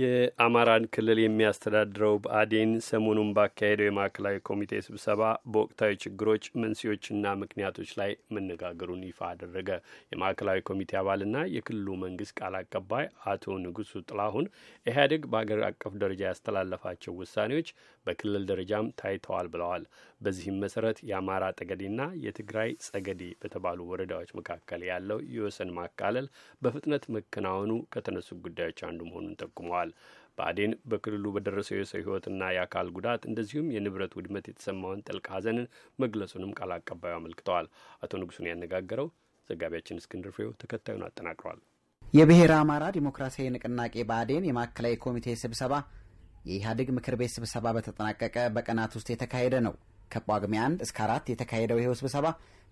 የአማራን ክልል የሚያስተዳድረው ብአዴን ሰሞኑን ባካሄደው የማዕከላዊ ኮሚቴ ስብሰባ በወቅታዊ ችግሮች መንስኤዎችና ምክንያቶች ላይ መነጋገሩን ይፋ አደረገ። የማዕከላዊ ኮሚቴ አባልና የክልሉ መንግስት ቃል አቀባይ አቶ ንጉሱ ጥላሁን ኢህአዴግ በአገር አቀፍ ደረጃ ያስተላለፋቸው ውሳኔዎች በክልል ደረጃም ታይተዋል ብለዋል። በዚህም መሰረት የአማራ ጠገዴና የትግራይ ጸገዴ በተባሉ ወረዳዎች መካከል ያለው የወሰን ማካለል በፍጥነት መከናወኑ ከተነሱ ጉዳዮች አንዱ መሆኑን ጠቁመዋል። ገልጸዋል። ብአዴን በክልሉ በደረሰው የሰው ህይወትና የአካል ጉዳት እንደዚሁም የንብረት ውድመት የተሰማውን ጥልቅ ሐዘንን መግለጹንም ቃል አቀባዩ አመልክተዋል። አቶ ንጉሱን ያነጋገረው ዘጋቢያችን እስክንድር ፍሬው ተከታዩን አጠናቅሯል። የብሔረ አማራ ዲሞክራሲያዊ ንቅናቄ ብአዴን የማዕከላዊ ኮሚቴ ስብሰባ የኢህአዴግ ምክር ቤት ስብሰባ በተጠናቀቀ በቀናት ውስጥ የተካሄደ ነው። ከጳጉሜ አንድ እስከ አራት የተካሄደው ይኸው ስብሰባ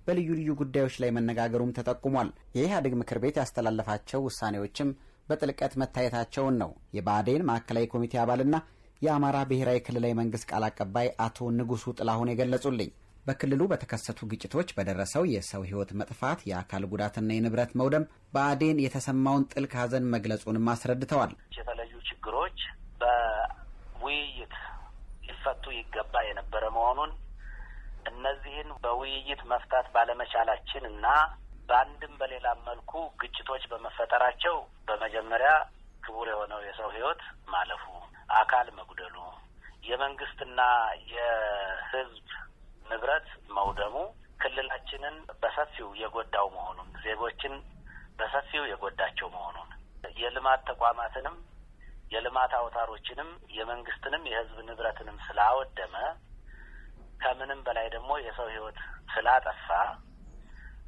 በልዩ ልዩ ጉዳዮች ላይ መነጋገሩም ተጠቁሟል። የኢህአዴግ ምክር ቤት ያስተላለፋቸው ውሳኔዎችም በጥልቀት መታየታቸውን ነው የባዴን ማዕከላዊ ኮሚቴ አባልና የአማራ ብሔራዊ ክልላዊ መንግስት ቃል አቀባይ አቶ ንጉሱ ጥላሁን የገለጹልኝ። በክልሉ በተከሰቱ ግጭቶች በደረሰው የሰው ሕይወት መጥፋት፣ የአካል ጉዳትና የንብረት መውደም በአዴን የተሰማውን ጥልቅ ሀዘን መግለጹንም አስረድተዋል። የተለዩ ችግሮች በውይይት ሊፈቱ ይገባ የነበረ መሆኑን እነዚህን በውይይት መፍታት ባለመቻላችን እና በአንድም በሌላም መልኩ ግጭቶች በመፈጠራቸው በመጀመሪያ ክቡር የሆነው የሰው ህይወት ማለፉ፣ አካል መጉደሉ፣ የመንግስትና የህዝብ ንብረት መውደሙ ክልላችንን በሰፊው የጎዳው መሆኑን ዜጎችን በሰፊው የጎዳቸው መሆኑን የልማት ተቋማትንም የልማት አውታሮችንም የመንግስትንም የህዝብ ንብረትንም ስላወደመ ከምንም በላይ ደግሞ የሰው ህይወት ስላጠፋ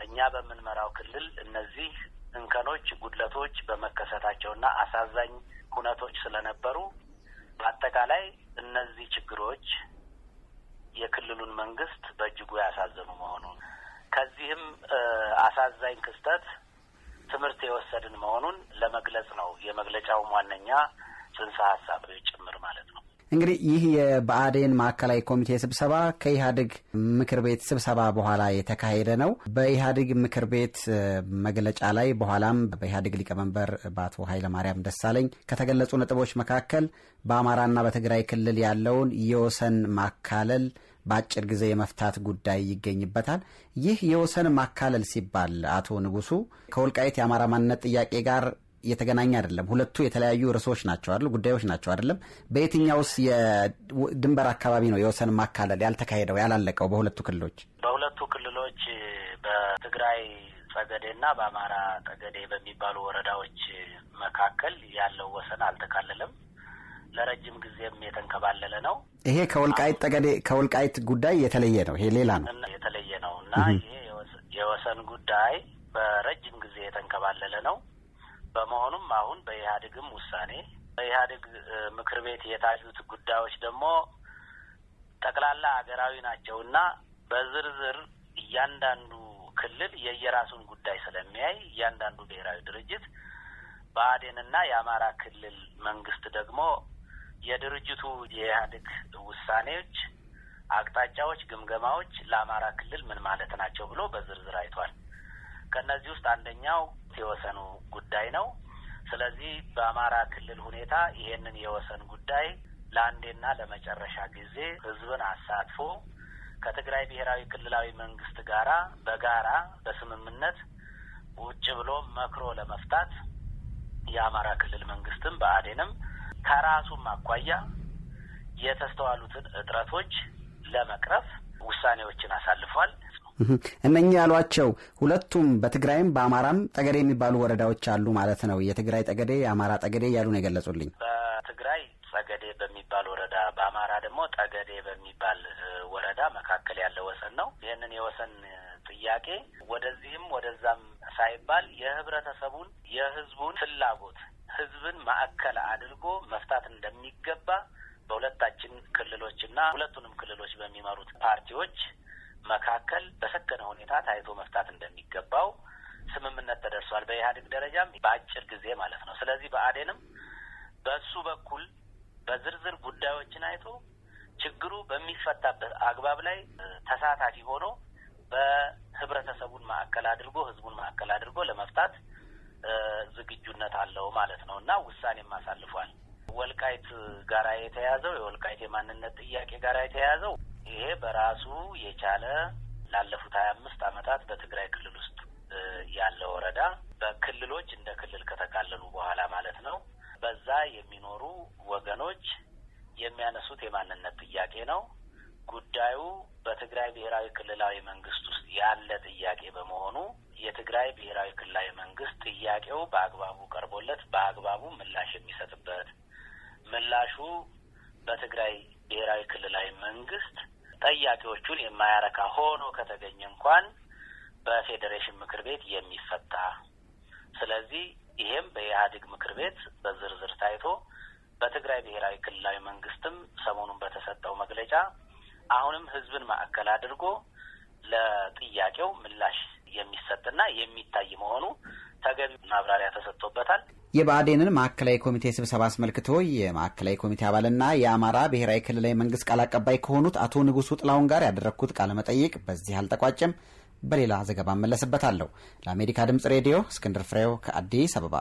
እኛ በምንመራው ክልል እነዚህ እንከኖች፣ ጉድለቶች በመከሰታቸውና አሳዛኝ ሁነቶች ስለነበሩ በአጠቃላይ እነዚህ ችግሮች የክልሉን መንግስት በእጅጉ ያሳዘኑ መሆኑን ከዚህም አሳዛኝ ክስተት ትምህርት የወሰድን መሆኑን ለመግለጽ ነው የመግለጫውም ዋነኛ ጽንሰ ሀሳብ ጭምር ማለት ነው። እንግዲህ ይህ የብአዴን ማዕከላዊ ኮሚቴ ስብሰባ ከኢህአዴግ ምክር ቤት ስብሰባ በኋላ የተካሄደ ነው። በኢህአዴግ ምክር ቤት መግለጫ ላይ በኋላም በኢህአዴግ ሊቀመንበር በአቶ ኃይለማርያም ደሳለኝ ከተገለጹ ነጥቦች መካከል በአማራና በትግራይ ክልል ያለውን የወሰን ማካለል በአጭር ጊዜ የመፍታት ጉዳይ ይገኝበታል። ይህ የወሰን ማካለል ሲባል አቶ ንጉሱ ከወልቃይት የአማራ ማንነት ጥያቄ ጋር የተገናኘ አይደለም። ሁለቱ የተለያዩ ርዕሶች ናቸው አይደል? ጉዳዮች ናቸው አይደለም? በየትኛውስ የድንበር አካባቢ ነው የወሰን ማካለል ያልተካሄደው ያላለቀው? በሁለቱ ክልሎች በሁለቱ ክልሎች በትግራይ ጸገዴና በአማራ ጠገዴ በሚባሉ ወረዳዎች መካከል ያለው ወሰን አልተካለለም። ለረጅም ጊዜም የተንከባለለ ነው። ይሄ ከወልቃይት ጠገዴ ከወልቃይት ጉዳይ የተለየ ነው። ይሄ ሌላ ነው፣ የተለየ ነው እና ይሄ የወሰን ጉዳይ በረጅም ጊዜ የተንከባለለ ነው። በመሆኑም አሁን በኢህአዴግም ውሳኔ በኢህአዴግ ምክር ቤት የታዩት ጉዳዮች ደግሞ ጠቅላላ ሀገራዊ እና በዝርዝር እያንዳንዱ ክልል የየራሱን ጉዳይ ስለሚያይ እያንዳንዱ ብሔራዊ ድርጅት ብአዴንና የአማራ ክልል መንግስት ደግሞ የድርጅቱ የኢህአዴግ ውሳኔዎች፣ አቅጣጫዎች፣ ግምገማዎች ለአማራ ክልል ምን ማለት ናቸው ብሎ በዝርዝር አይቷል። ከእነዚህ ውስጥ አንደኛው የወሰኑ ጉዳይ ነው። ስለዚህ በአማራ ክልል ሁኔታ ይሄንን የወሰን ጉዳይ ለአንዴና ለመጨረሻ ጊዜ ህዝብን አሳትፎ ከትግራይ ብሔራዊ ክልላዊ መንግስት ጋራ በጋራ በስምምነት ውጭ ብሎ መክሮ ለመፍታት የአማራ ክልል መንግስትም በአዴንም ከራሱም አኳያ የተስተዋሉትን እጥረቶች ለመቅረፍ ውሳኔዎችን አሳልፏል። እነኚህ ያሏቸው ሁለቱም በትግራይም በአማራም ጠገዴ የሚባሉ ወረዳዎች አሉ ማለት ነው። የትግራይ ጠገዴ፣ የአማራ ጠገዴ እያሉ ነው የገለጹልኝ። በትግራይ ጠገዴ በሚባል ወረዳ፣ በአማራ ደግሞ ጠገዴ በሚባል ወረዳ መካከል ያለ ወሰን ነው። ይህንን የወሰን ጥያቄ ወደዚህም ወደዛም ሳይባል የህብረተሰቡን የህዝቡን ፍላጎት ህዝብን ማዕከል አድርጎ መፍታት እንደሚገባ በሁለታችን እና ሁለቱንም ክልሎች በሚመሩት ፓርቲዎች መካከል በሰከነ ሁኔታ ታይቶ መፍታት እንደሚገባው ስምምነት ተደርሷል። በኢህአዴግ ደረጃም በአጭር ጊዜ ማለት ነው። ስለዚህ በአዴንም በሱ በኩል በዝርዝር ጉዳዮችን አይቶ ችግሩ በሚፈታበት አግባብ ላይ ተሳታፊ ሆኖ በህብረተሰቡን ማዕከል አድርጎ ህዝቡን ማዕከል አድርጎ ለመፍታት ዝግጁነት አለው ማለት ነው እና ውሳኔም አሳልፏል። ወልቃይት ጋራ የተያዘው የወልቃይት የማንነት ጥያቄ ጋራ የተያዘው ይሄ በራሱ የቻለ ላለፉት ሀያ አምስት አመታት በትግራይ ክልል ውስጥ ያለ ወረዳ በክልሎች እንደ ክልል ከተካለሉ በኋላ ማለት ነው። በዛ የሚኖሩ ወገኖች የሚያነሱት የማንነት ጥያቄ ነው። ጉዳዩ በትግራይ ብሔራዊ ክልላዊ መንግስት ውስጥ ያለ ጥያቄ በመሆኑ የትግራይ ብሔራዊ ክልላዊ መንግስት ጥያቄው በአግባቡ ቀርቦለት በአግባቡ ምላሽ የሚሰጥበት ምላሹ በትግራይ ብሔራዊ ክልላዊ መንግስት ጠያቂዎቹን የማያረካ ሆኖ ከተገኘ እንኳን በፌዴሬሽን ምክር ቤት የሚፈታ ስለዚህ ይሄም በኢህአዴግ ምክር ቤት በዝርዝር ታይቶ በትግራይ ብሔራዊ ክልላዊ መንግስትም ሰሞኑን በተሰጠው መግለጫ አሁንም ህዝብን ማዕከል አድርጎ ለጥያቄው ምላሽ የሚሰጥና የሚታይ መሆኑ ተገቢ ማብራሪያ ተሰጥቶበታል። የብአዴንን ማዕከላዊ ኮሚቴ ስብሰባ አስመልክቶ የማዕከላዊ ኮሚቴ አባልና የአማራ ብሔራዊ ክልላዊ መንግስት ቃል አቀባይ ከሆኑት አቶ ንጉሱ ጥላውን ጋር ያደረግኩት ቃለ መጠይቅ በዚህ አልጠቋጭም በሌላ ዘገባ መለስበታለሁ። ለአሜሪካ ድምጽ ሬዲዮ እስክንድር ፍሬው ከአዲስ አበባ